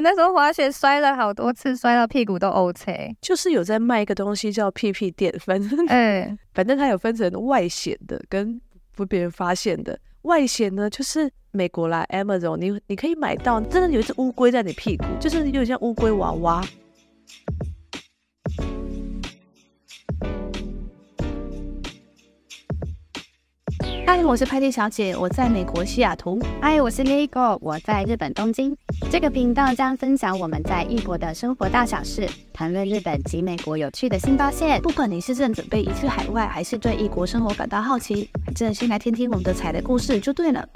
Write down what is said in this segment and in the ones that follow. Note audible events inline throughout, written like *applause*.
那時候滑雪摔了好多次，摔到屁股都 ok，就是有在賣一個東西叫屁屁墊，反正，哎、嗯，反正它有分成外顯的跟不別人發現的。外顯呢，就是美國啦，Amazon，你你可以買到真的有一隻烏龜在你屁股，就是有點像烏龜娃娃。嗨，我是派蒂小姐，我在美國西雅圖。嗨，我是梨梨口，我在日本東京。這個頻道將分享我們在異國的生活大小事，談論日本及美國有趣的新發現。不管你是正準備移去海外，還是對異國生活感到好奇，這先來聽聽我們的踩雷的故事就對了。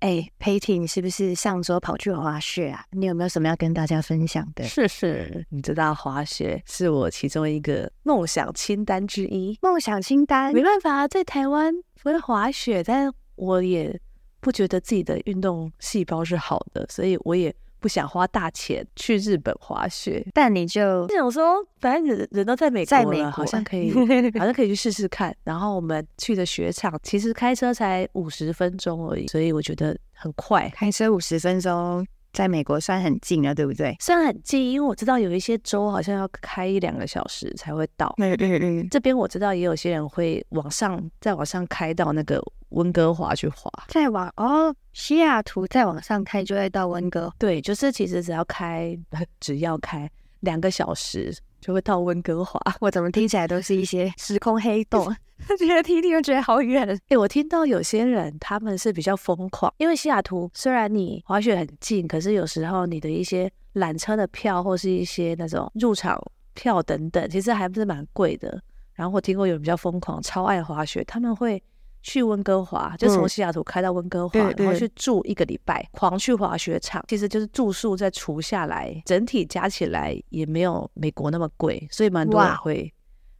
哎、欸，派蒂，你是不是上週跑去滑雪啊？你有沒有什麼要跟大家分享的？是是，你知道滑雪是我其中一個夢想清單之一。夢想清單，沒辦法，在台灣不是滑雪，但我也不覺得自己的運動細胞是好的，所以我也。不想花大錢去日本滑雪，但你就那種說，反正人人都在美國了，在美國好像可以， *laughs* 好像可以去試試看。然後我們去的雪場其實開車才五十分鐘而已，所以我覺得很快，開車五十分鐘在美國算很近了，對不對？算很近，因為我知道有一些州好像要開一兩個小時才會到。嗯嗯嗯，這邊我知道也有些人會往上再往上開到那個。溫哥華去滑，再往哦西雅圖，再往上開就會到溫哥。對，就是其實只要開，只要開兩個小時就會到溫哥華。我怎麼聽起來都是一些時空黑洞， *laughs* *laughs* 覺得聽聽又覺得好遠。哎、欸，我聽到有些人他們是比較瘋狂，因為西雅圖雖然你滑雪很近，可是有時候你的一些纜車的票或是一些那種入場票等等，其實還不是蠻貴的。然後我聽過有人比較瘋狂，超愛滑雪，他們會。去溫哥華，就從西雅圖開到溫哥華，嗯、對對對，然後去住一個禮拜，狂去滑雪場。其實就是住宿再除下來，整體加起來也沒有美國那麼貴，所以蠻多人會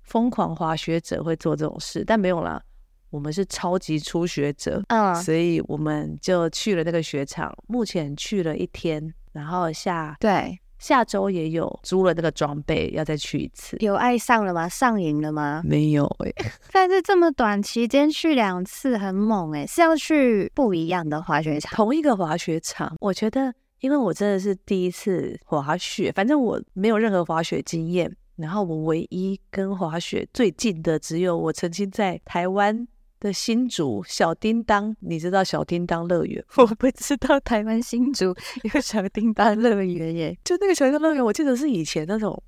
瘋狂滑雪者會做這種事，哇但沒有啦，我們是超級初學者，uh. 所以我們就去了那個雪場，目前去了一天，然後下對。下週也有租了那個裝備，要再去一次。有愛上了嗎？上癮了嗎？沒有哎、欸。 *laughs* 但是這麼短期間去兩次，很猛哎、欸。是要去不一樣的滑雪場？同一個滑雪場，我覺得，因為我真的是第一次滑雪，反正我沒有任何滑雪經驗。然後我唯一跟滑雪最近的，只有我曾經在台灣。的新竹小叮噹，你知道小叮噹樂園？ *laughs* 我不知道台灣新竹有小叮噹樂園耶， *laughs* 就那個小叮噹樂園，我記得是以前那種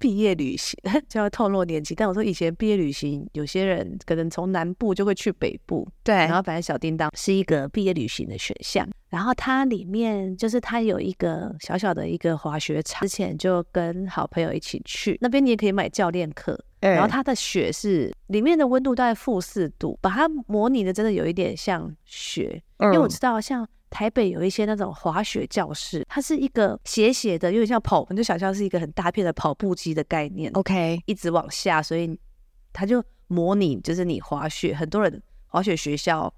畢業旅行，就要透露年紀。但我說以前畢業旅行，有些人可能從南部就會去北部，對。然後反正小叮噹是一個畢業旅行的選項，然後它裡面就是它有一個小小的一個滑雪場，之前就跟好朋友一起去那邊，你也可以買教練課。然後它的雪是，裡面的溫度大概負四度，把它模擬的真的有一點像雪。因為我知道像台北有一些那種滑雪教室，它是一個斜斜的，有點像跑，你就想象是一個很大片的跑步機的概念。OK，一直往下，所以它就模擬就是你滑雪。很多人滑雪學校。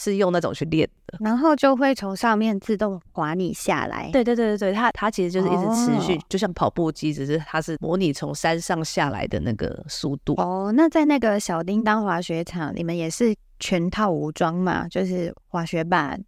是用那種去練的，然後就會從上面自動滑你下來。對對對對，它它其實就是一直持續，oh. 就像跑步機，只是它是模擬從山上下來的那個速度。哦，oh, 那在那個小叮當滑雪場，你們也是全套武裝嘛？就是滑雪板、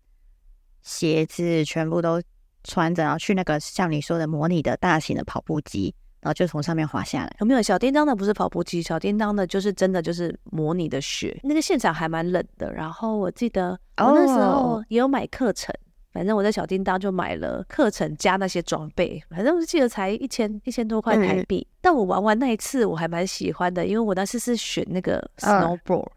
鞋子全部都穿着，然後去那個像你說的模擬的大型的跑步機。然後就從上面滑下來，有沒有小叮當的？不是跑步機，小叮當的就是真的就是模擬的雪，那個現場還蠻冷的。然後我記得我那時候也有買課程，反正我在小叮當就買了課程加那些裝備，反正我記得才一千一千多塊台幣。嗯。但我玩完那一次我還蠻喜歡的，因為我那次是選那個 snowboard。啊。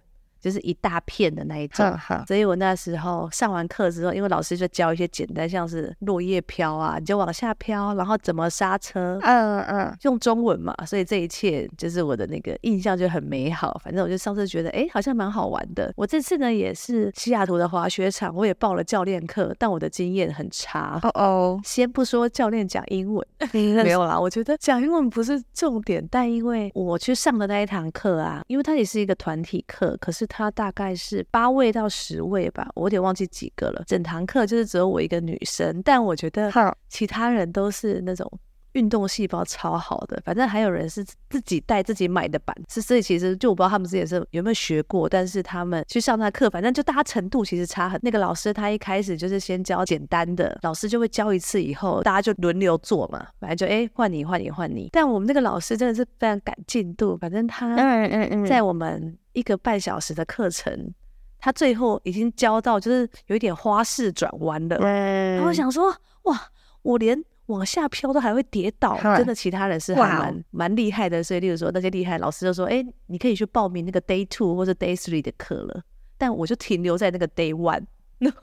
就是一大片的那一種，所以我那時候上完課之後，因為老師就教一些簡單，像是落葉飄啊，你就往下飄，然後怎麼剎車，嗯嗯，用中文嘛，所以這一切就是我的那個印象就很美好。反正我就上次覺得，哎，好像蠻好玩的。我這次呢也是西雅圖的滑雪場，我也報了教練課，但我的經驗很差。哦哦，先不說教練講英文，沒有啦，我覺得講英文不是重點，但因為我去上的那一堂課啊，因為它也是一個團體課，可是它。他大概是八位到十位吧，我有點忘記幾個了。整堂課就是只有我一個女生，但我覺得其他人都是那種。運動細胞超好的，反正還有人是自己帶自己買的板，所以其實就我不知道他們之前是有沒有學過，但是他們去上他的課，反正就大家程度其實差很。那個老師他一開始就是先教簡單的，老師就會教一次以後，大家就輪流做嘛，反正就哎換你換你換你。但我們那個老師真的是非常趕進度，反正他嗯嗯嗯，在我們一個半小時的課程，他最後已經教到就是有一點花式轉彎了。然後，我想說哇，我連。往下飄都還會跌倒，哈真的，其他人是還蠻蠻厲害的。所以，例如說那些厲害老師就說：“哎、欸，你可以去報名那個 day two 或者 day three 的課了。”但我就停留在那個 day one，然後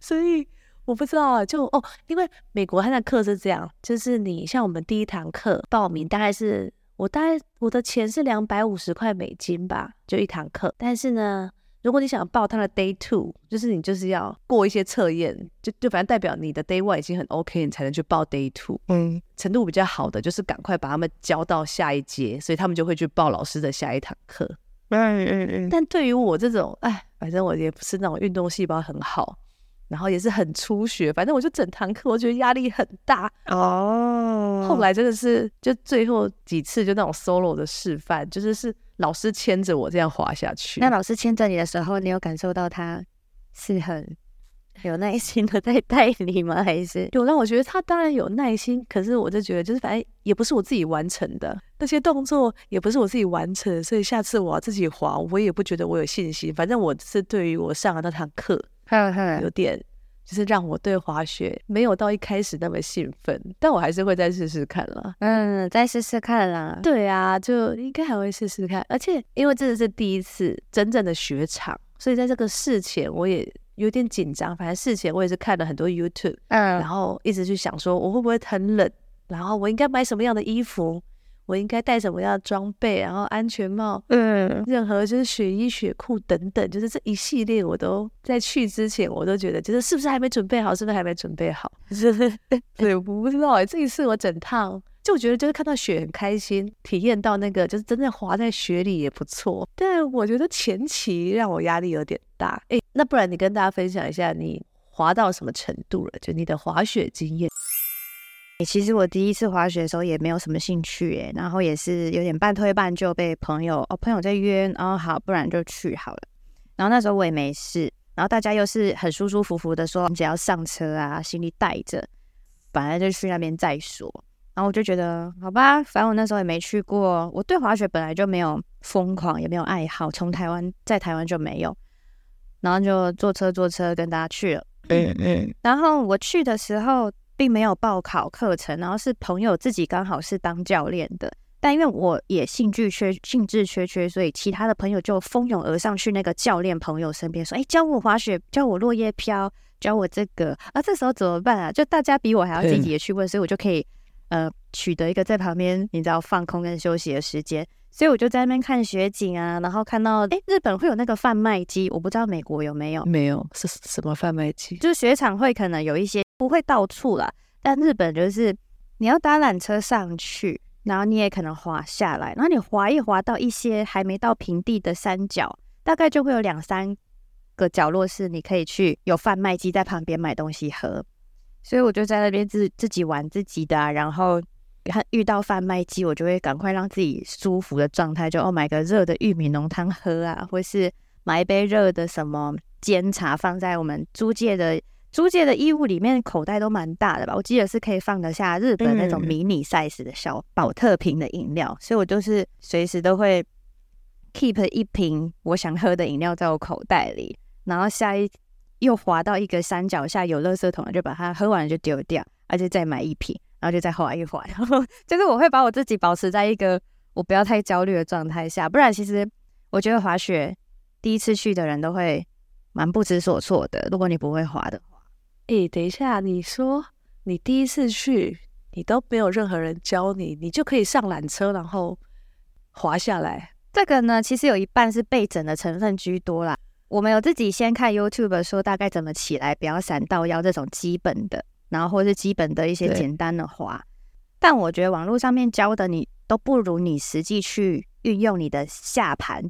所以我不知道啊，就哦，因為美國他的課是這樣，就是你像我們第一堂課報名，大概是我大概我的錢是兩百五十塊美金吧，就一堂課，但是呢。如果你想要報他的 day two，就是你就是要過一些測驗，就就反正代表你的 day one 已經很 OK，你才能去報 day two。嗯，程度比較好的就是趕快把他們教到下一節，所以他們就會去報老師的下一堂課。嗯嗯嗯。但對於我這種，哎，反正我也不是那種運動細胞很好。然後也是很初學，反正我就整堂課，我覺得壓力很大哦。Oh. 後來真的是就最後幾次就那種 solo 的示範，就是是老師牽着我這樣滑下去。那老師牽着你的時候，你有感受到他是很？有耐心的在帶你嗎？還是有？讓我覺得他當然有耐心，可是我就覺得，就是反正也不是我自己完成的那些動作，也不是我自己完成，所以下次我要自己滑，我也不覺得我有信心。反正我是對於我上的那堂課，嗯嗯，有點就是讓我對滑雪沒有到一開始那麼興奮，但我還是會再試試看了。嗯，再試試看啦。對啊，就應該還會試試看，而且因為這是第一次真正的雪場，所以在這個事前我也。有點緊張，反正事前我也是看了很多 YouTube，嗯，然後一直去想說我會不會很冷，然後我應該買什麼樣的衣服，我應該戴什麼樣的裝備，然後安全帽，嗯，任何就是雪衣、雪褲等等，就是這一系列我都在去之前我都覺得就是是不是還沒準備好，是不是還沒準備好？對、就是，我不知道哎，這一次我整套。就我覺得，就是看到雪很開心，體驗到那個就是真的滑在雪裡也不錯。但我覺得前期讓我壓力有點大。誒，那不然你跟大家分享一下你滑到什麼程度了？就你的滑雪經驗。其實我第一次滑雪的時候也沒有什麼興趣，然後也是有點半推半就被朋友哦，朋友在約，哦好，不然就去好了。然後那時候我也沒事，然後大家又是很舒舒服服的說，你只要上車啊，行李帶着，反正就去那邊再說。然後我就覺得，好吧，反正我那時候也沒去過，我對滑雪本來就沒有瘋狂，也沒有愛好，從台灣，在台灣就沒有。然後就坐車坐車跟大家去了，嗯嗯。嗯，然後我去的時候並沒有報考課程，然後是朋友自己剛好是當教練的，但因為我也興趣缺，興致缺缺，所以其他的朋友就蜂擁而上去那個教練朋友身邊說：“哎，教我滑雪，教我落葉飄，教我這個。”啊。這時候怎麼辦啊？就大家比我還要積極的去問，嗯、所以我就可以，呃，取得一個在旁邊你知道放空跟休息的時間，所以我就在那邊看雪景啊，然後看到哎，日本會有那個販賣機，我不知道美國有沒有？沒有。是什麼販賣機？就雪場會可能有一些，不會到處啦，但日本就是你要搭纜車上去，然後你也可能滑下來，然後你滑一滑到一些還沒到平地的山腳，大概就會有兩三個角落是你可以去有販賣機在旁邊買東西喝。所以我就在那邊自自己玩自己的啊，然後看遇到販賣機，我就會趕快讓自己舒服的狀態，就哦買個熱的玉米濃湯喝啊，或是買一杯熱的什麼煎茶，放在我們租借的租借的衣物裡面，口袋都蠻大的吧？我記得是可以放得下日本那種迷你 size 的小寶特瓶的飲料，嗯，所以我就是隨時都會 keep 一瓶我想喝的飲料在我口袋裡，然後下一。又滑到一個山腳下有垃圾桶了，就把它喝完了就丟掉，而且再買一瓶，然後就再滑一滑。然 *laughs* 後就是我會把我自己保持在一個我不要太焦慮的狀態下，不然其實我覺得滑雪第一次去的人都會蠻不知所措的。如果你不會滑的話。哎，等一下，你說你第一次去你都沒有任何人教你，你就可以上纜車然後滑下來？這個呢，其實有一半是被整的成分居多啦。我們有自己先看 YouTube 說大概怎麼起來，不要閃到腰這種基本的，然後或者是基本的一些簡單的滑。對但我覺得網絡上面教的你都不如你實際去運用你的下盤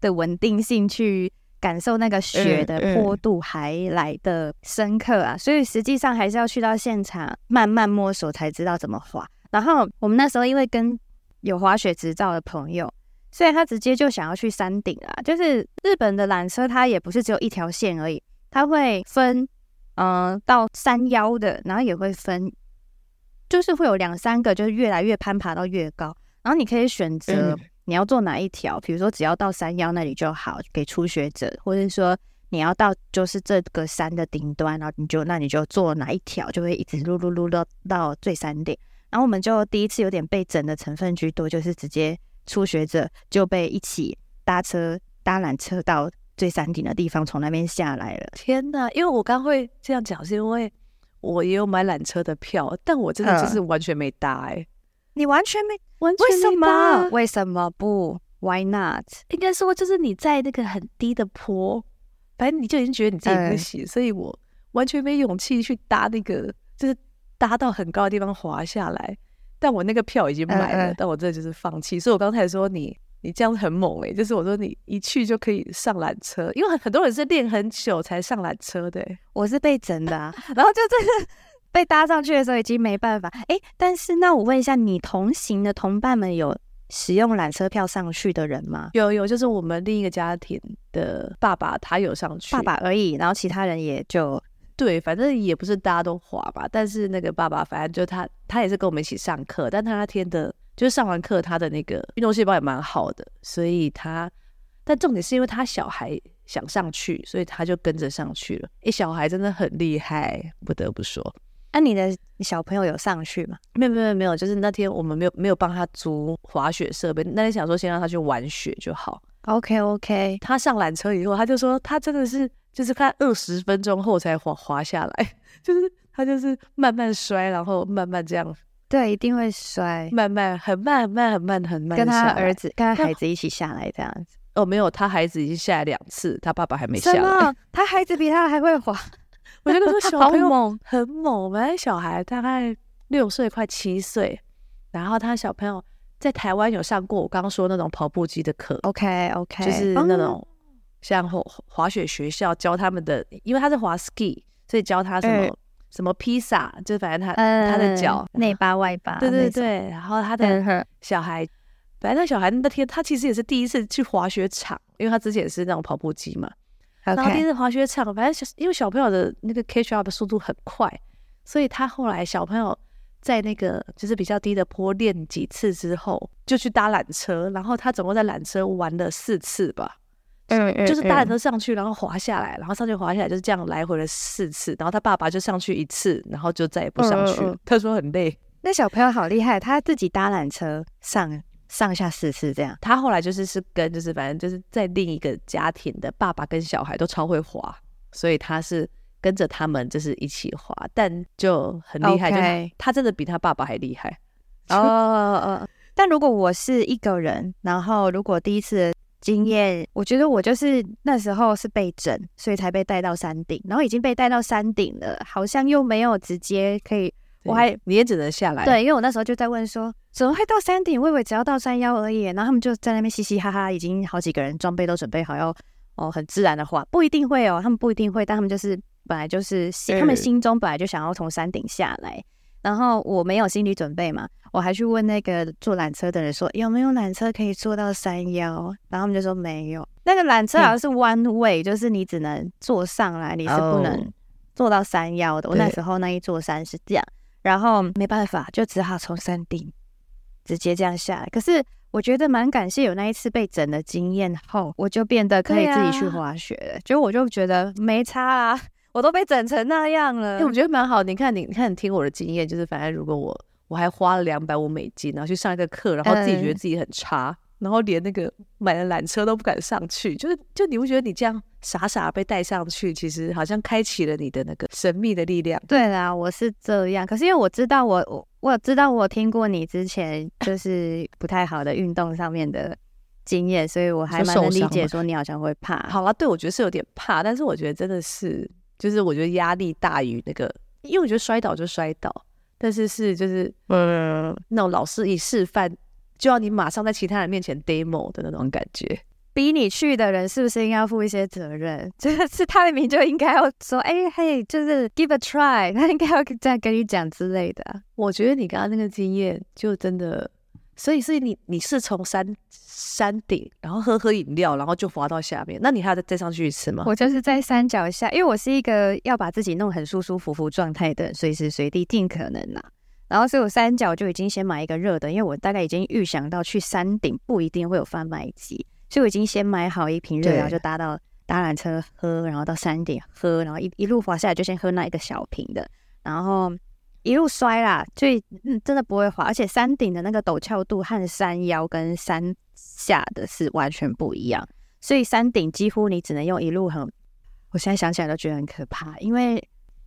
的穩定性去感受那個雪的坡度還來得深刻啊。嗯嗯、所以實際上還是要去到現場慢慢摸索才知道怎麼滑。然後我們那時候因為跟有滑雪執照的朋友。所以他直接就想要去山頂啊！就是日本的纜車，它也不是只有一條線而已，它會分，嗯、呃，到山腰的，然後也會分，就是會有兩三個，就是越來越攀爬到越高，然後你可以選擇你要坐哪一條，嗯，比如說只要到山腰那裡就好，給初學者，或者是說你要到就是這個山的頂端，然後你就那你就坐哪一條，就會一直嚕嚕嚕到到最山頂。然後我們就第一次有點被整的成分居多，就是直接。初學者就被一起搭車搭纜車到最山頂的地方，從那邊下來了。天哪！因為我剛會這樣講，是因為我也有買纜車的票，但我真的就是完全沒搭、欸。哎、呃，你完全沒？完全沒搭啊，為什麼？為什麼不？Why not？應該說就是你在那個很低的坡，反正你就已經覺得你自己不行，呃、所以我完全沒勇氣去搭那個，就是搭到很高的地方滑下來。但我那個票已經買了，嗯嗯，但我這就是放棄。所以我剛才說，你你這樣很猛哎、欸，就是我說你一去就可以上纜車，因為很很多人是練很久才上纜車的、欸。我是被整的啊， *laughs* 然後就這個被搭上去的時候已經沒辦法哎。但是那我問一下，你同行的同伴們有使用纜車票上去的人嗎？有有，就是我們另一個家庭的爸爸他有上去，爸爸而已，然後其他人也就。對，反正也不是大家都滑吧，但是那個爸爸，反正就他，他也是跟我們一起上課，但他那天的，就是上完課，他的那個運動細胞也蠻好的，所以他，但重點是因為他小孩想上去，所以他就跟着上去了。哎，小孩真的很厲害，不得不說。那你的小朋友有上去嗎？沒有，沒有，沒有，就是那天我們沒有沒有幫他租滑雪設備，那天想說先讓他去玩雪就好。OK，OK。他上纜車以後，他就說他真的是。就是他二十分鐘後才滑滑下來，就是他就是慢慢摔，然後慢慢這樣。對，一定會摔，慢慢很慢很慢很慢很慢下來。跟他兒子、跟他孩子一起下來這樣子。哦，沒有，他孩子已經下來兩次，他爸爸還沒下來。什麼？他孩子比他還會滑？ *laughs* 我覺得他好猛，小朋友很猛，我們小孩大概六歲快七歲，然後他小朋友在台灣有上過我剛剛說那種跑步機的課。OK OK，就是那種、嗯。像滑滑雪學校教他們的，因為他是滑 ski，所以教他什麼、嗯、什麼披薩，就是反正他、嗯、他的腳內八外八，對對對。種然後他的小孩，反正、嗯、呵那小孩那天他其實也是第一次去滑雪場，因為他之前也是那種跑步機嘛。然後第一次滑雪場，反正小因為小朋友的那個 catch up 速度很快，所以他後來小朋友在那個就是比較低的坡練幾次之後，就去搭纜車，然後他總共在纜車玩了四次吧。嗯，嗯嗯，就是搭纜車上去，然後滑下來，然後上去滑下來，就是這樣來回了四次。然後他爸爸就上去一次，然後就再也不上去了。哦哦、他說很累。那小朋友好厲害，他自己搭纜車上上下四次這樣。他後來就是是跟就是反正就是在另一個家庭的爸爸跟小孩都超會滑，所以他是跟着他們就是一起滑，但就很厲害，Okay. 就是他真的比他爸爸還厲害。 *laughs* 哦哦，哦，哦。但如果我是一個人，然後如果第一次。經驗，我覺得我就是那時候是被整，所以才被帶到山頂。然後已經被帶到山頂了，好像又沒有直接可以，對我還你也只能下來。對，因為我那時候就在問說，怎麼會到山頂？我以為只要到山腰而已。然後他們就在那邊嘻嘻哈哈，已經好幾個人裝備都準備好要哦，很自然的話，不一定會哦，他們不一定會，但他們就是本來就是、欸、他們心中本來就想要從山頂下來。然後我沒有心理準備嘛，我還去問那個坐纜車的人說，有沒有纜車可以坐到山腰，然後他們就說沒有，那個纜車好像是 one way，、嗯、就是你只能坐上來，你是不能坐到山腰的。Oh, 我那時候那一座山是這樣，對然後沒辦法，就只好從山頂直接這樣下來。可是我覺得蠻感謝有那一次被整的經驗後，我就變得可以自己去滑雪了，啊、就我就覺得沒差啦。我都被整成那樣了，欸、我覺得蠻好。你看，你你看，你聽我的經驗，就是反正如果我我還花了兩百五美金，然後去上一個課，然後自己覺得自己很差，嗯、然後連那個買了纜車都不敢上去，就是就你不覺得你這樣傻傻被帶上去，其實好像開啟了你的那個神秘的力量？對啦，我是這樣。可是因為我知道我我我知道我聽過你之前就是不太好的運動上面的經驗， *laughs* 所以我還蠻能理解說你好像會怕。好啦，對我覺得是有點怕，但是我覺得真的是。就是我覺得壓力大於那個，因為我覺得摔倒就摔倒，但是是就是嗯，那種老師一示範就要你馬上在其他人面前 demo 的那種感覺，逼你去的人是不是應該要負一些責任？就是他的名就應該要說哎、欸、嘿，就是 give a try，他應該要這樣跟你講之類的。我覺得你剛剛那個經驗就真的。所以是你，你是從山山頂，然後喝喝飲料，然後就滑到下面。那你還要再再上去一次嗎？我就是在山腳下，因為我是一個要把自己弄很舒舒服服狀態的人，隨時隨地盡可能啦、啊。然後所以我山腳就已經先買一個熱的，因為我大概已經預想到去山頂不一定會有販賣機，所以我已經先買好一瓶熱，對然後就搭到搭纜車喝，然後到山頂喝，然後一一路滑下來就先喝那一個小瓶的，然後。一路摔啦，所以、嗯、真的不會滑。而且山頂的那個陡峭度和山腰跟山下的是完全不一樣，所以山頂幾乎你只能用一路橫。我現在想起來都覺得很可怕，因為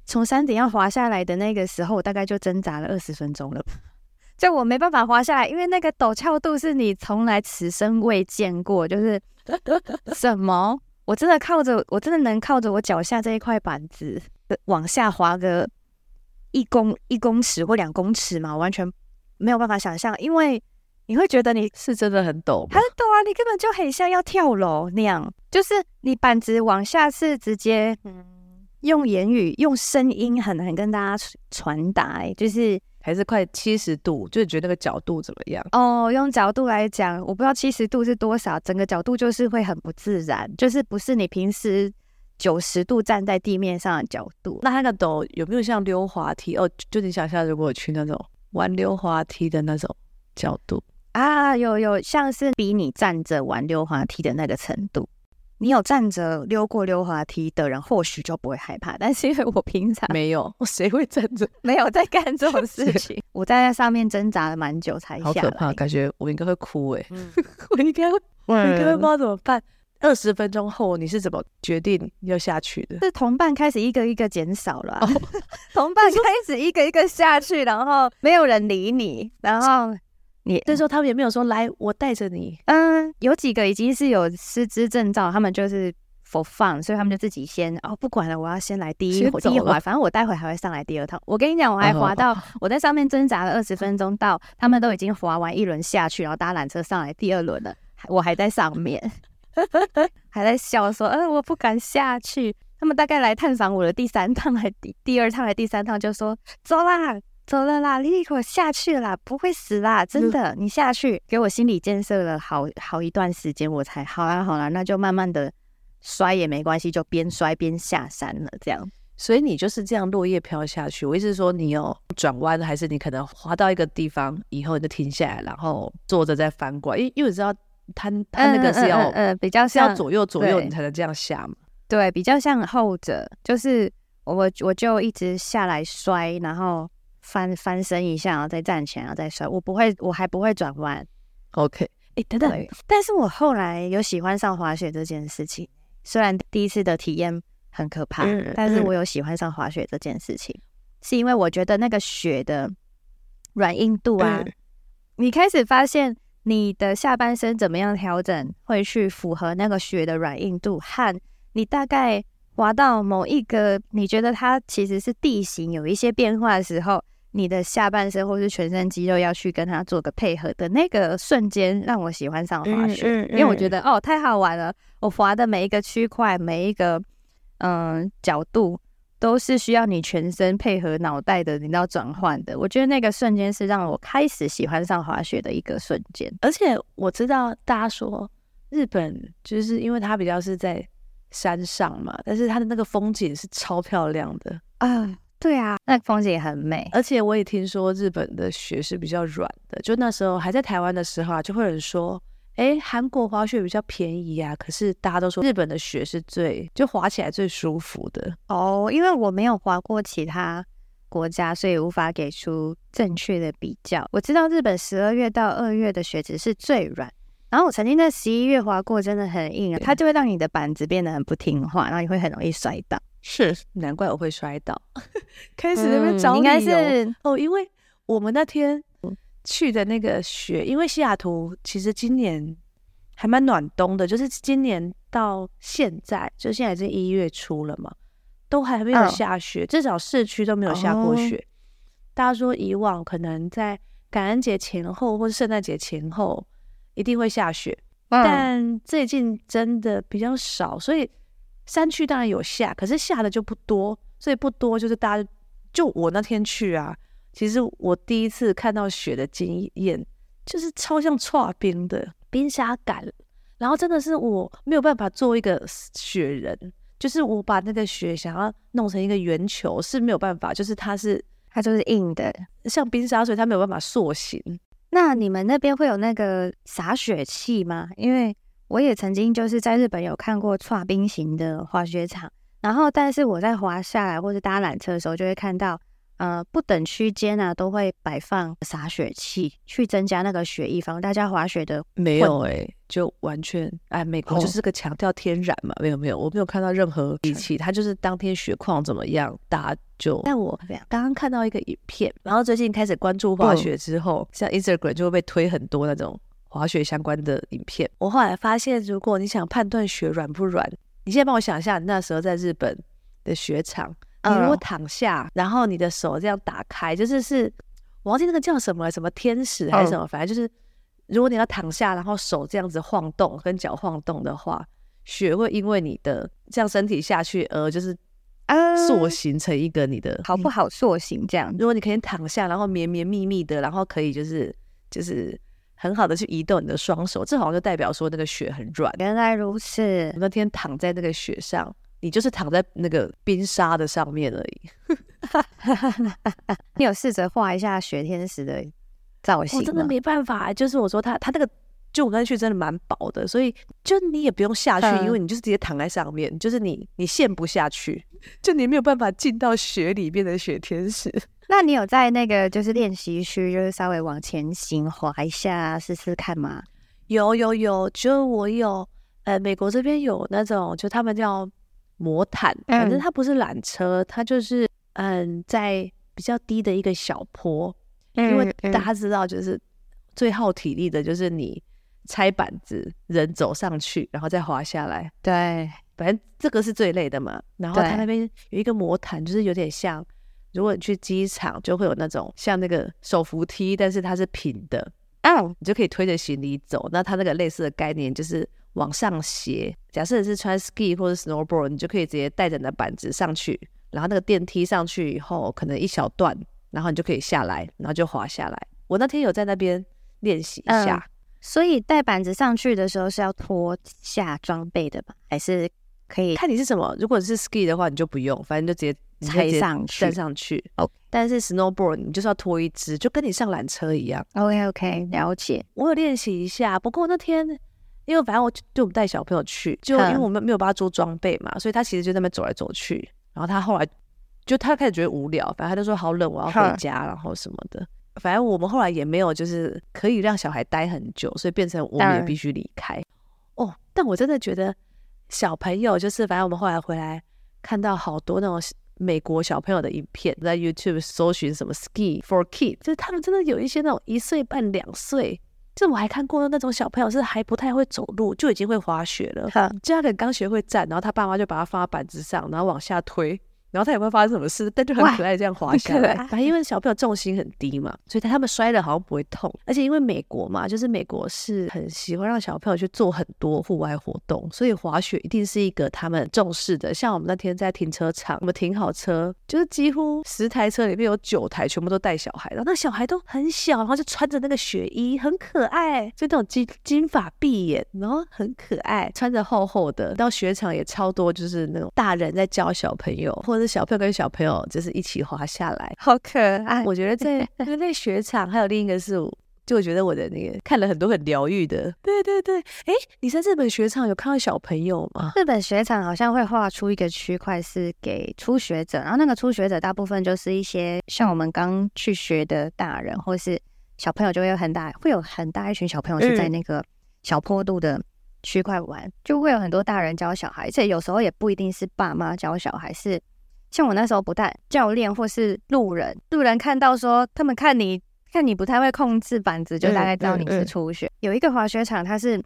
從山頂要滑下來的那個時候，我大概就掙扎了二十分鐘了， *laughs* 就我沒辦法滑下來，因為那個陡峭度是你從來此生未見過，就是什麼？我真的靠着，我真的能靠着我腳下這一塊板子、呃、往下滑個。一公一公尺或兩公尺嘛，完全沒有辦法想象因為你會覺得你是真的很陡嗎？很陡啊！你根本就很像要跳樓那樣，就是你板子往下是直接嗯，用言語、用聲音很難跟大家傳達、欸，就是還是快七十度，就覺得那個角度怎麼樣？哦，oh, 用角度來講，我不知道七十度是多少，整個角度就是會很不自然，就是不是你平時。九十度站在地面上的角度，那它的陡有沒有像溜滑梯哦？就？就你想象，如果我去那種玩溜滑梯的那種角度啊，有有像是比你站着玩溜滑梯的那個程度。你有站着溜過溜滑梯的人，或許就不會害怕，但是因為我平常沒有，我誰會站着？沒有在幹這種事情， *laughs* 是我站在那上面掙扎了蠻久才。好可怕，感覺我應該會哭哎，嗯、 *laughs* 我應該會，我應該不知道怎麼辦。二十分鐘後，你是怎麼決定要下去的？是同伴開始一個一個減少了、啊，oh, *laughs* 同伴開始一個一個下去，然後沒有人理你，然後你這時候他們也沒有說來我、嗯，我帶着你。嗯，有幾個已經是有師資證照，他們就是 for fun，所以他們就自己先哦，不管了，我要先來第一，第一滑，反正我待會還會上來第二趟。我跟你講，我還滑到我在上面掙扎了二十分鐘，到他們都已經滑完一輪下去，然後搭纜車上來第二輪了，我還在上面。 *laughs* 呵呵呵， *laughs* 還在笑說：“嗯、呃，我不敢下去。”他們大概來探訪我的第三趟還，還第第二趟，還第三趟，就說：“走啦，走了啦，立刻下去啦，不會死啦，真的，嗯、你下去，給我心理建設了好好一段時間，我才好啦、啊、好啦、啊，那就慢慢的摔也沒關係，就邊摔邊下山了，這樣。所以你就是這樣落葉飄下去？我意思是說，你有轉彎，還是你可能滑到一個地方以後你就停下來，然後坐着再翻滾？因因為我知道。他它那個是要呃、嗯嗯嗯嗯，比較像是要左右左右，對你才能這樣下嘛？對，比較像後者，就是我我就一直下來摔，然後翻翻身一下，然後再站起來，然後再摔。我不會，我還不會轉彎。OK，哎，等等，但是我後來有喜歡上滑雪這件事情，雖然第一次的體驗很可怕，嗯嗯、但是我有喜歡上滑雪這件事情，是因為我覺得那個雪的軟硬度啊，嗯、你開始發現。你的下半身怎麼樣調整，會去符合那個雪的軟硬度，和你大概滑到某一個，你覺得它其實是地形有一些變化的時候，你的下半身或是全身肌肉要去跟它做個配合的那個瞬間，讓我喜歡上滑雪，嗯嗯嗯、因為我覺得哦太好玩了，我滑的每一個區塊，每一個嗯角度。都是需要你全身配合腦袋的，你要轉換的。我覺得那個瞬間是讓我開始喜歡上滑雪的一個瞬間。而且我知道大家說日本就是因為它比較是在山上嘛，但是它的那個風景是超漂亮的啊。呃，對啊，那個風景也很美。而且我也聽說日本的雪是比較軟的，就那時候還在台灣的時候啊，就會有人說。哎，韓國滑雪比較便宜啊，可是大家都說日本的雪是最，就滑起來最舒服的哦。因為我沒有滑過其他國家，所以無法給出正確的比較。我知道日本十二月到二月的雪質是最軟，然後我曾經在十一月滑過，真的很硬，啊，對它就會讓你的板子變得很不聽話，然後你會很容易摔倒。是，難怪我會摔倒， *laughs* 開始那邊找你，哦嗯、應該是哦，因為我們那天。去的那個雪，因為西雅圖其實今年還蠻暖冬的，就是今年到現在，就現在已經一月初了嘛，都還沒有下雪，oh. 至少市區都沒有下過雪。Oh. 大家說以往可能在感恩節前後或者聖誕節前後一定會下雪，oh. 但最近真的比較少，所以山區當然有下，可是下的就不多，所以不多就是大家就，就我那天去啊。其實我第一次看到雪的經驗，就是超像剉冰的冰沙感，然後真的是我沒有辦法做一個雪人，就是我把那個雪想要弄成一個圓球是沒有辦法，就是它是它就是硬的，像冰沙，所以它沒有辦法塑形，塑形。那你們那邊會有那個撒雪器嗎？因為我也曾經就是在日本有看過剉冰型的滑雪場，然後但是我在滑下來或者搭纜車的時候就會看到。呃，不等區間啊都會擺放撒雪器，去增加那個雪意，防大家滑雪的。沒有哎、欸，就完全哎沒有，oh. 美國就是個強調天然嘛，沒有沒有，我沒有看到任何儀器，它就是當天雪況怎麼樣，大家就。但我剛剛看到一個影片，然後最近開始關注滑雪之後，嗯、像 Instagram 就會被推很多那種滑雪相關的影片。我後來發現，如果你想判斷雪軟不軟，你現在幫我想一下，你那時候在日本的雪場。Oh, 你如果躺下，然後你的手這樣打開，就是是，我忘記那個叫什麼，什麼天使還是什麼，oh. 反正就是，如果你要躺下，然後手這樣子晃動，跟腳晃動的話，雪會因為你的這樣身體下去而就是，啊，塑形成一個你的、uh, 嗯、好不好塑形這樣？如果你可以躺下，然後綿綿密密的，然後可以就是就是很好的去移動你的雙手，這好像就代表說那個雪很軟。原來如此，我那天躺在那個雪上。你就是躺在那個冰沙的上面而已。你有試着畫一下雪天使的造型嗎？哦，真的沒辦法，就是我說他他那個就我剛才去真的蠻薄的，所以就你也不用下去，嗯，因為你就是直接躺在上面，就是你你陷不下去，就你沒有辦法進到雪裡面的雪天使。那你有在那個就是練習區，就是稍微往前行滑一下試試看嗎？有有有，就我有呃，美國這邊有那種，就他們叫。魔毯，反正它不是纜車，它就是嗯，在比較低的一個小坡，因為大家知道，就是最耗體力的就是你拆板子，人走上去，然後再滑下來。對，反正這個是最累的嘛。然後他那邊有一個魔毯，就是有點像，如果你去機場就會有那種像那個手扶梯，但是它是平的，你就可以推着行李走。那它那個類似的概念就是。往上斜，假設你是穿 ski 或者 snowboard，你就可以直接帶着你的板子上去，然後那個電梯上去以後，可能一小段，然後你就可以下來，然後就滑下來。我那天有在那邊練習一下，嗯，所以帶板子上去的時候是要脫下裝備的吧？還是可以看你是什麼？如果你是 ski 的話，你就不用，反正就直接踩上、站上去。哦，okay. 但是 snowboard 你就是要脫一只，就跟你上纜車一樣。OK OK，了解。我有練習一下，不過那天。因為反正我就對我們帶小朋友去，就因為我們沒有幫他做裝備嘛，嗯、所以他其實就在那邊走來走去。然後他後來就他開始覺得無聊，反正他就說好冷，我要回家，嗯、然後什麼的。反正我們後來也沒有就是可以讓小孩待很久，所以變成我們也必須離開。嗯、哦，但我真的覺得小朋友就是，反正我們後來回來看到好多那種美國小朋友的影片，在 YouTube 搜尋什麼 ski for kid，就是他們真的有一些那種一歲半兩歲。是，但我還看過的那種小朋友是還不太會走路，就已經會滑雪了。哈，就他可能剛學會站，然後他爸媽就把他放在板子上，然後往下推。然後他也不知道發生什麼事，但就很可愛這樣滑下來。反正因為小朋友重心很低嘛，所以他他們摔了好像不會痛。而且因為美國嘛，就是美國是很喜歡讓小朋友去做很多戶外活動，所以滑雪一定是一個他們重視的。像我們那天在停車場，我們停好車，就是幾乎十台車裡面有九台全部都帶小孩，然後那小孩都很小，然後就穿着那個雪衣，很可愛，就那種金金髮碧眼，然後很可愛，穿着厚厚的。到雪場也超多，就是那種大人在教小朋友，或者是小朋友跟小朋友就是一起滑下來，好可愛。我覺得在在雪場，還有另一個是，就我覺得我的那個看了很多很療癒的。對對對，哎，你在日本雪場有看到小朋友嗎？日本雪場好像會畫出一個區塊是給初學者，然後那個初學者大部分就是一些像我們剛去學的大人，或是小朋友就會很大，會有很大一群小朋友是在那個小坡度的區塊玩，就會有很多大人教小孩，所以有時候也不一定是爸媽教小孩，是。像我那時候不帶教練或是路人，路人看到說他們看你看你不太會控制板子，就大概知道你是初學。欸欸欸、有一個滑雪場，它是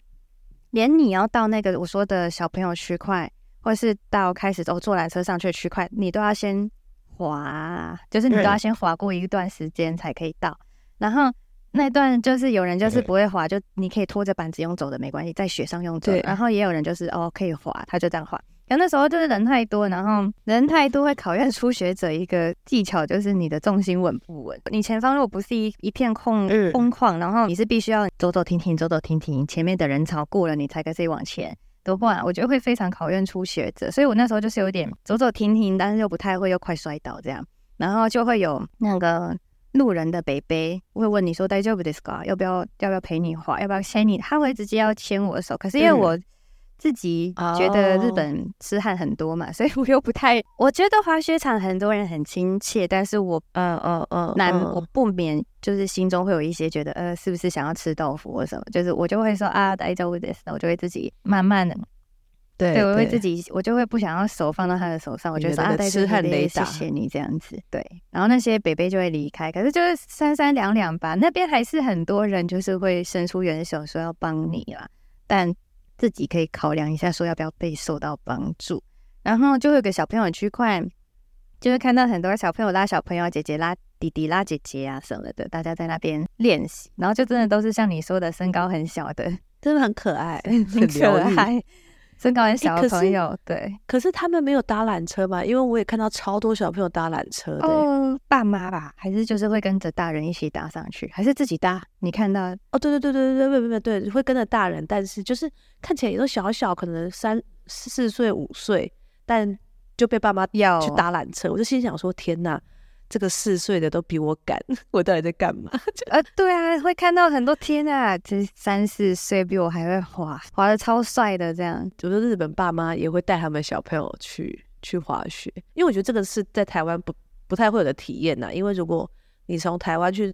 連你要到那個我說的小朋友區塊，或是到開始都坐纜車上去的區塊，你都要先滑，就是你都要先滑過一段時間才可以到。欸、然後那段就是有人就是不會滑，就你可以拖着板子用走的沒關係，在雪上用走。對然後也有人就是哦可以滑，他就這樣滑。有，因為那時候就是人太多，然後人太多會考驗初學者一個技巧，就是你的重心穩不穩。你前方如果不是一一片空、嗯、空曠，然後你是必須要走走停停，走走停停，前面的人潮過了你才可以往前的話，我覺得會非常考驗初學者。所以我那時候就是有點走走停停，但是又不太會，又快摔倒這樣，然後就會有那個路人的 baby 會問你說：“對大丈夫ですか？s 要不要要不要陪你滑？要不要牽你？”他會直接要牽我的手，可是因為我。嗯自己覺得日本痴漢很多嘛，oh, 所以我又不太。我覺得滑雪場很多人很親切，但是我呃呃呃，難、uh, uh, uh, uh, 我不免就是心中會有一些覺得，呃，是不是想要吃豆腐或什麼？就是我就會說啊，帶走這個，我就會自己慢慢的，對，對，我會自己，對我就會不想要手放到他的手上，我就說對對對啊，帶走這個，對對對謝謝你這樣子。對，然後那些北北就會離開，可是就是三三兩兩吧，那邊還是很多人就是會伸出援手說要幫你啦，嗯、但。自己可以考量一下，說要不要被受到幫助，然後就會有個小朋友區塊，就會看到很多小朋友拉小朋友、姐姐拉弟弟、拉姐姐啊什麼的，大家在那邊練習，然後就真的都是像你說的身高很小的，嗯，真的很可愛， *laughs* 很可愛。身高的小朋友，欸、是對，可是他們沒有搭纜車嘛，因為我也看到超多小朋友搭纜車的、哦，爸媽吧，還是就是會跟着大人一起搭上去，還是自己搭？你看到？哦，對對對對對對對對，會跟着大人，但是就是看起來也都小小，可能三四歲五歲，但就被爸媽要去搭纜車，要我就心想說，天吶！這個四歲的都比我敢，我到底在幹嘛？啊 *laughs* 呃、對啊，會看到很多天啊，其實三四歲比我還會滑，滑得超帥的這樣。我說日本爸媽也會帶他們小朋友去去滑雪，因為我覺得這個是在台灣不不太會有的體驗啊。因為如果你從台灣去，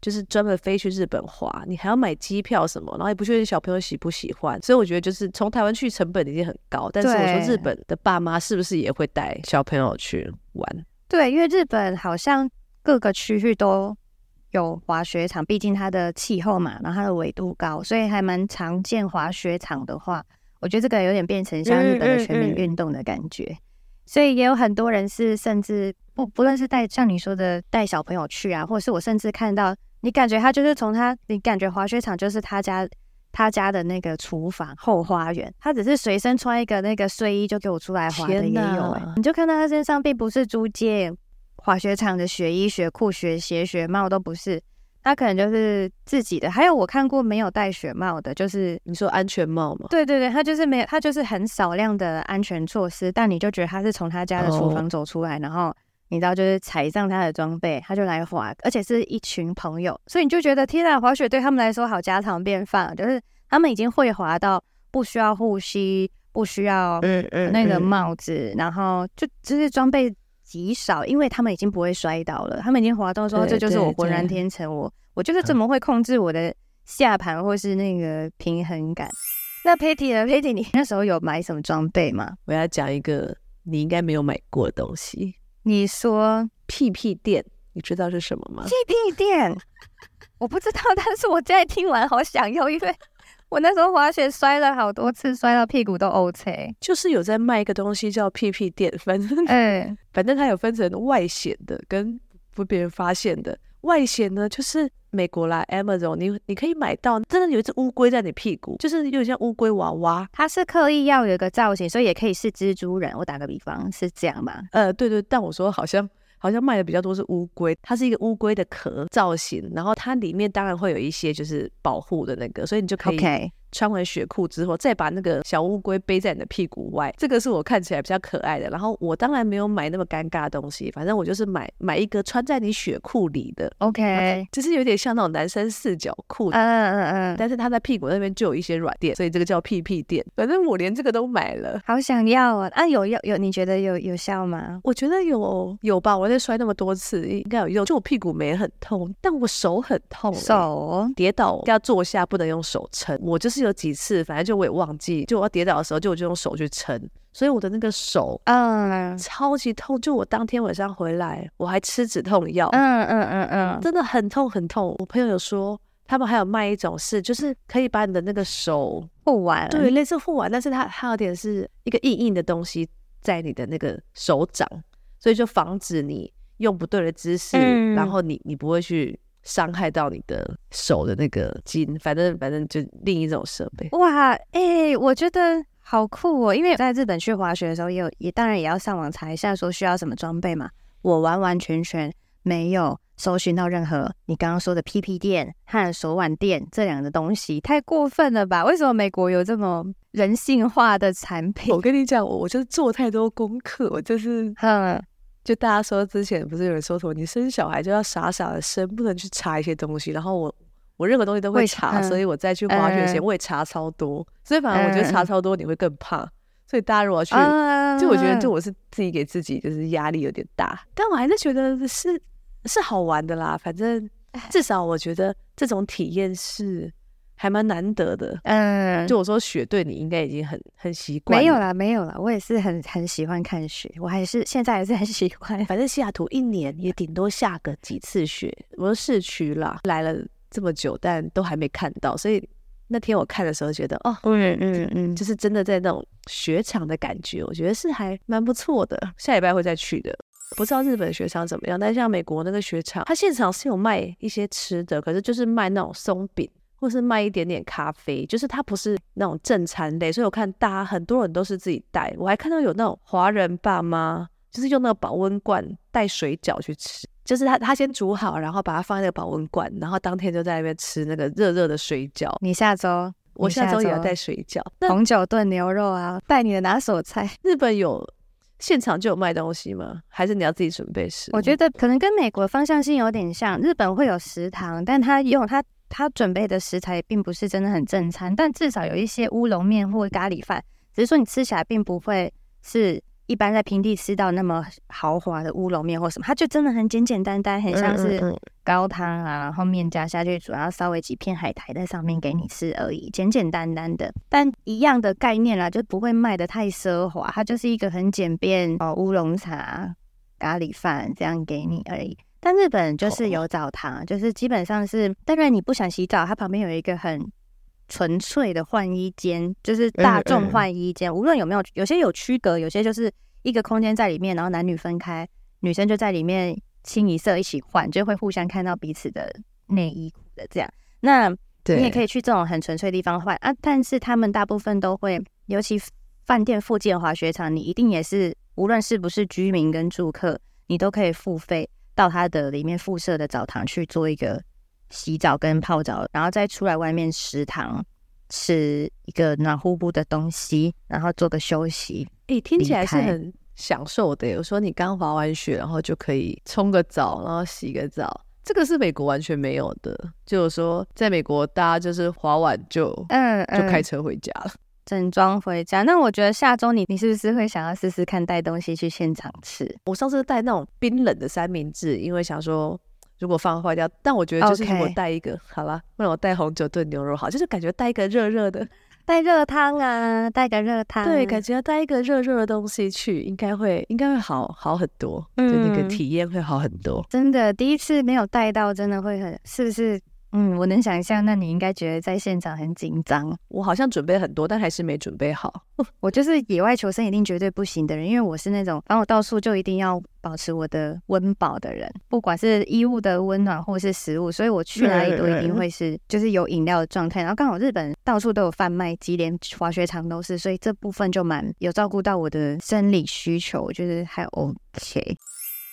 就是專門飛去日本滑，你還要買機票什麼，然後也不確定小朋友喜不喜歡。所以我覺得就是從台灣去成本已經很高，但是對我說日本的爸媽是不是也會帶小朋友去玩？對，因為日本好像各個區域都有滑雪場，畢竟它的氣候嘛，然後它的緯度高，所以還蠻常見滑雪場的話，我覺得這個有點變成像日本的全民運動的感覺，嗯嗯嗯，所以也有很多人是，甚至不不論是帶像你說的帶小朋友去啊，或者是我甚至看到，你感覺他就是從他，你感覺滑雪場就是他家。他家的那個廚房後花園，他只是隨身穿一個那個睡衣就給我出來滑的天哪 也有、欸、你就看到他身上並不是租借滑雪場的雪衣、雪褲、雪鞋、雪帽都不是，他可能就是自己的。還有我看過沒有戴雪帽的，就是你說安全帽嗎？對對對，他就是沒有，他就是很少量的安全措施，但你就覺得他是從他家的廚房走出來，然後。你知道，就是踩上他的裝備，他就來滑，而且是一群朋友，所以你就覺得，天哪、啊，滑雪對他們來說好家常便飯，就是他們已經會滑到不需要護膝，不需要那個帽子，欸欸欸，然後就就是裝備極少，因為他們已經不會摔倒了，他們已經滑到說，對對對，這就是我渾然天成，我我就是這麼會控制我的下盤或是那個平衡感。嗯、那 Patty 呢，Patty 你那時候有買什麼裝備嗎？我要講一個你應該沒有買過的東西。你說屁屁墊，你知道是什麼嗎？屁屁墊，我不知道，但是我現在聽完好想要，因為我那時候滑雪摔了好多次，摔到屁股都 OK。就是有在賣一個東西叫屁屁墊，反正，哎，反正它有分成外顯的跟不被人發現的。外顯呢，就是美國啦，Amazon，你你可以買到真的有一隻烏龜在你屁股，就是有點像烏龜娃娃，它是刻意要有一個造型，所以也可以是蜘蛛人。我打個比方是這樣吧？呃，對對，但我說好像好像賣的比較多是烏龜，它是一個烏龜的殼造型，然後它裡面當然會有一些就是保護的那個，所以你就可以。Okay. 穿完雪褲之後，再把那個小烏龜背在你的屁股外，這個是我看起來比較可愛的。然後我當然沒有買那麼尷尬的東西，反正我就是買買一個穿在你雪褲裡的，OK，只，啊就是有點像那種男生四角褲。嗯嗯嗯，但是他在屁股那邊就有一些軟墊，所以這個叫屁屁墊。反正我連這個都買了，好想要啊！啊，有要有，有？你覺得有有效嗎？我覺得有有吧。我在摔那麼多次，應該有用。就我屁股沒很痛，但我手很痛。手 So 跌倒要坐下，不能用手撐。我就是。有幾次，反正就我也忘記。就我要跌倒的時候，就我就用手去撐，所以我的那個手，嗯，uh, 超級痛。就我當天晚上回來，我還吃止痛藥。嗯嗯嗯嗯，真的很痛很痛。我朋友有說，他們還有賣一種是，就是可以把你的那個手護腕，對，類似護腕，但是它還有點是一個硬硬的東西在你的那個手掌，所以就防止你用不對的姿勢，嗯，然後你你不會去。傷害到你的手的那個筋，反正反正就另一種設備。哇，哎、欸，我覺得好酷哦！因為在日本去滑雪的時候，也有也當然也要上網查一下，說需要什麼裝備嘛。我完完全全沒有搜尋到任何你剛剛說的 PP 墊和手腕墊這兩個東西，太過分了吧？為什麼美國有這麼人性化的產品？我跟你講，我我就是做太多功課，我就是嗯。 *laughs* 就大家說，之前不是有人說過，你生小孩就要傻傻的生，不能去查一些東西。然後我我任何東西都會查，查所以我再去滑雪些我也查超多。嗯、所以反正我覺得查超多你會更胖。所以大家如果要去，嗯、就我覺得就我是自己給自己就是壓力有點大。但我還是覺得是是好玩的啦。反正至少我覺得這種體驗是。還蠻難得的，嗯，就我說雪對你應該已經很很習慣，沒有啦，沒有啦，我也是很很喜歡看雪，我還是現在還是很喜歡，反正西雅圖一年也頂多下個幾次雪，我說市區啦，來了這麼久但都還沒看到，所以那天我看的時候覺得，哦，嗯嗯嗯,嗯，就是真的在那種雪場的感覺，我覺得是還蠻不錯的，下禮拜會再去的，不知道日本的雪場怎麼樣，但像美國那個雪場，它現場是有賣一些吃的，可是就是賣那種鬆餅。或是賣一點點咖啡，就是它不是那種正餐類，所以我看大家很多人都是自己帶。我還看到有那種華人爸媽，就是用那個保溫罐帶水餃去吃，就是他他先煮好，然後把它放在那個保溫罐，然後當天就在那邊吃那個熱熱的水餃。你下周，我下周也要帶水餃，紅酒燉牛肉啊，帶你的拿手菜。日本有現場就有賣東西嗎？還是你要自己準備吃？我覺得可能跟美國方向性有點像，日本會有食堂，但他用它。他準備的食材並不是真的很正餐，但至少有一些烏龍麵或咖喱飯。只是說你吃起來並不會是一般在平地吃到那麼豪華的烏龍麵或什麼，它就真的很簡簡單單，很像是高湯啊，然後麵加下去煮，然後稍微幾片海苔在上面給你吃而已，簡簡單單的。但一樣的概念啦，就不會賣得太奢華，它就是一個很簡便哦，烏龍茶、咖喱飯這樣給你而已。但日本就是有澡堂，Oh. 就是基本上是，當然你不想洗澡，它旁邊有一個很純粹的換衣間，就是大眾換衣間，嗯嗯、無論有沒有，有些有區隔，有些就是一個空間在裡面，然後男女分開，女生就在裡面清一色一起換，就會互相看到彼此的內衣的這樣。對那你也可以去這種很純粹的地方換啊，但是他們大部分都會，尤其飯店附近滑雪場，你一定也是，無論是不是居民跟住客，你都可以付費，到他的裡面附設的澡堂去做一個洗澡，跟泡澡，然後再出來外面食堂吃一個暖乎乎的東西，然後做個休息。哎、欸，聽起來是很享受的。開我說你剛滑完雪，然後就可以沖個澡，然後洗個澡，這個是美國完全沒有的。就是說，在美國大家就是滑完就嗯，嗯就開車回家了。整裝回家，那我覺得下周你你是不是會想要試試看帶東西去現場吃？我上次帶那種冰冷的三明治，因為想說如果放壞掉，但我覺得就是給我帶一個 Okay. 好啦了，不然我帶紅酒燉牛肉好，就是感覺帶一個熱熱的，帶熱湯啊，帶個熱湯，對，感覺帶一個熱熱的東西去，應該會應該會好好很多，就那個體驗會好很多。嗯，真的，第一次沒有帶到，真的會很是不是？嗯，我能想象，那你應該覺得在現場很緊張。我好像準備很多，但還是沒準備好。 *laughs* 我就是野外求生一定絕對不行的人，因為我是那種，反正我到處就一定要保持我的溫飽的人，不管是衣物的溫暖或是食物，所以我去哪裡都一定會是就是有飲料的狀態。嗯、然後剛好日本到處都有販賣機，連滑雪場都是，所以這部分就蠻有照顧到我的生理需求，我覺得還 OK。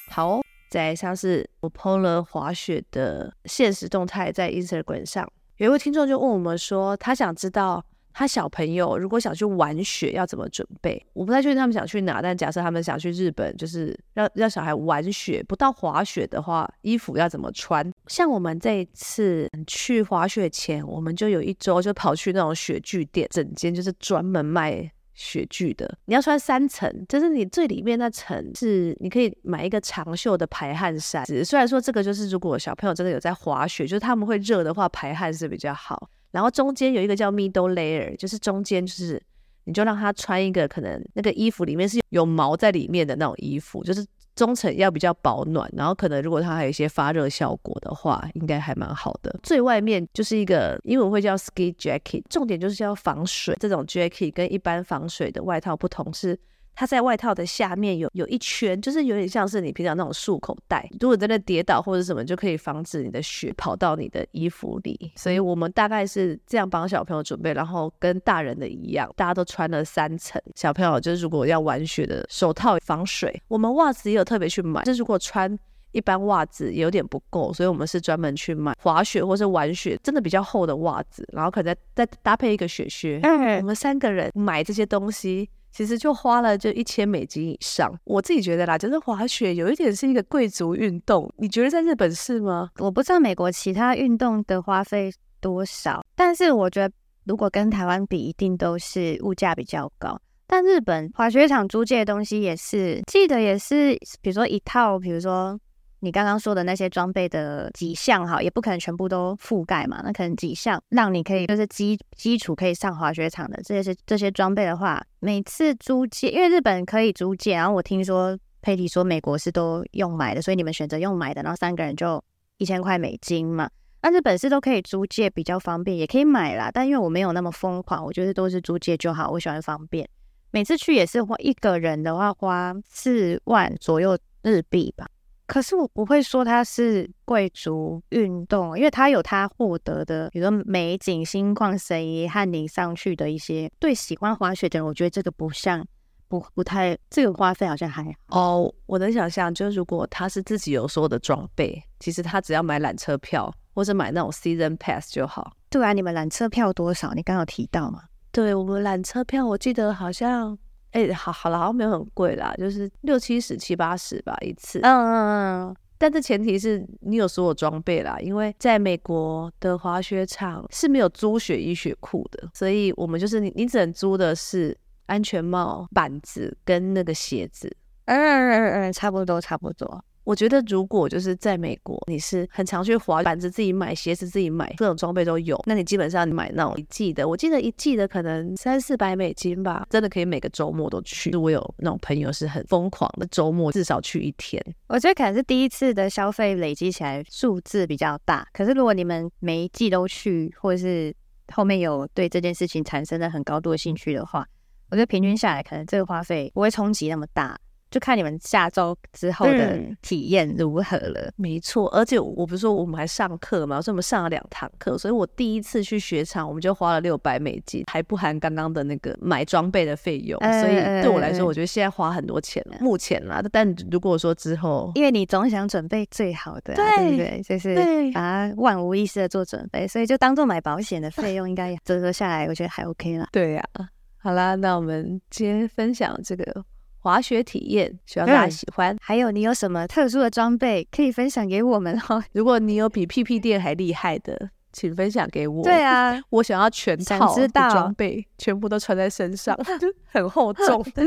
好。在像是我 po 了滑雪的限時動態在 Instagram 上，有一位聽眾就問我們說，他想知道他小朋友如果想去玩雪要怎麼準備。我不太確定他們想去哪，但假設他們想去日本，就是要讓小孩玩雪，不到滑雪的話，衣服要怎麼穿？像我們這一次去滑雪前，我們就有一周就跑去那種雪具店，整間就是專門賣。雪具的，你要穿三層，就是你最裡面那層是你可以買一個長袖的排汗衫。雖然說這個就是如果小朋友真的有在滑雪，就是他們會熱的話，排汗是比較好。然後中間有一個叫 middle layer，就是中間就是你就讓他穿一個可能那個衣服裡面是有毛在裡面的那種衣服，就是。中層要比較保暖，然後可能如果它還有一些發熱效果的話，應該還蠻好的。最外面就是一個英文會叫 ski jacket，重點就是要防水。這種 jacket 跟一般防水的外套不同是。它在外套的下面有有一圈，就是有點像是你平常那種束口袋。如果真的跌倒或者什麼，就可以防止你的雪跑到你的衣服裡。所以我們大概是這樣幫小朋友準備，然後跟大人的一樣，大家都穿了三層。小朋友就是如果要玩雪的手套防水，我們襪子也有特別去買。就是如果穿一般襪子也有點不夠，所以我們是專門去買滑雪或是玩雪真的比較厚的襪子，然後可能再，再搭配一個雪靴。嗯，嗯，我們三個人買這些東西，其實就花了就一千美金以上，我自己覺得啦，就是滑雪有一點是一個貴族運動，你覺得在日本是嗎？我不知道美國其他運動的花費多少，但是我覺得如果跟台灣比，一定都是物價比較高。但日本滑雪場租借的東西也是，記得也是，比如說一套，比如說。你剛剛說的那些裝備的幾項哈，也不可能全部都覆蓋嘛。那可能幾項讓你可以就是基基礎可以上滑雪場的這些是這些裝備的話，每次租借，因為日本可以租借。然後我聽說派蒂說美國是都用買的，所以你們選擇用買的。然後三個人就一千塊美金嘛。但是日本是都可以租借，比較方便，也可以買啦，但因為我沒有那麼瘋狂，我覺得都是租借就好，我喜歡方便。每次去也是花一個人的話花四萬左右日幣吧。可是我不會說它是貴族運動，因為它有它獲得的，比如說美景、心曠神怡和你上去的一些。對喜歡滑雪的人，我覺得這個不像，不不太這個花費好像還好。哦，oh, 我能想象，就是如果他是自己有所有的裝備，其實他只要買纜車票或者買那種 season pass 就好。對啊，你們纜車票多少？你剛剛有提到嗎？對我們纜車票，我記得好像。哎、欸，好好了，好像沒有很貴啦，就是六七十、七八十吧，一次。嗯嗯嗯，嗯嗯嗯但這前提是你有所有裝備啦，因為在美國的滑雪場是沒有租雪衣雪褲的，所以我們就是你你只能租的是安全帽、板子跟那個鞋子。嗯嗯嗯嗯，差不多，差不多。我覺得如果就是在美國，你是很常去滑板子，自己買鞋子，自己買各種裝備都有。那你基本上買那種一季的，我記得一季的可能三四百美金吧，真的可以每個周末都去。就我有那種朋友是很瘋狂的，周末至少去一天。我覺得可能是第一次的消費累積起來數字比較大。可是如果你們每一季都去，或者是後面有對這件事情產生了很高度的興趣的話，我覺得平均下來可能這個花費不會衝擊那麼大。就看你們下周之後的體驗如何了。嗯嗯。沒錯，而且我，我不是說我們還上課嗎？我說我們上了兩堂課，所以我第一次去雪場，我們就花了六百美金，還不含剛剛的那個買裝備的費用。嗯、所以對我來說，我覺得現在花很多錢了。嗯、目前啦，嗯、但如果說之後，因為你總想準備最好的，啊，對，對不對？就是對把它萬無一失的做準備，所以就當做買保險的費用，應該折合下來，我覺得還 OK 啦，啊。對呀，啊，好啦，那我們今天分享這個滑雪體驗，希望大家喜歡。嗯、還有你有什麼特殊的裝備可以分享給我們哦？如果你有比屁屁墊還厲害的，請分享給我。對啊，我想要全套裝備，全部都穿在身上，嗯、很厚重。 *laughs* 對，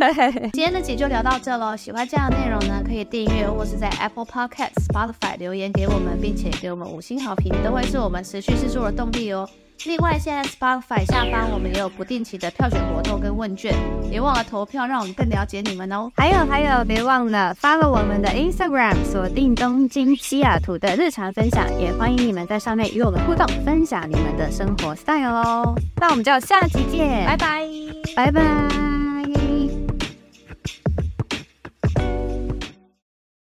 今天的節目就聊到這嘍，喜歡這樣的內容呢，可以訂閱或是在 Apple Podcast Spotify 留言給我們，並且給我們五星好評，都會是我們持續製作的動力哦。另外，現在 Spotify 下方我們也有不定期的票選活動跟問卷，別忘了投票，讓我們更了解你們哦。還有還有，別忘了 follow 我們的 Instagram，鎖定東京西雅圖的日常分享，也歡迎你們在上面與我們互動，分享你們的生活 style 哦。那我們就下期見，拜拜，拜拜。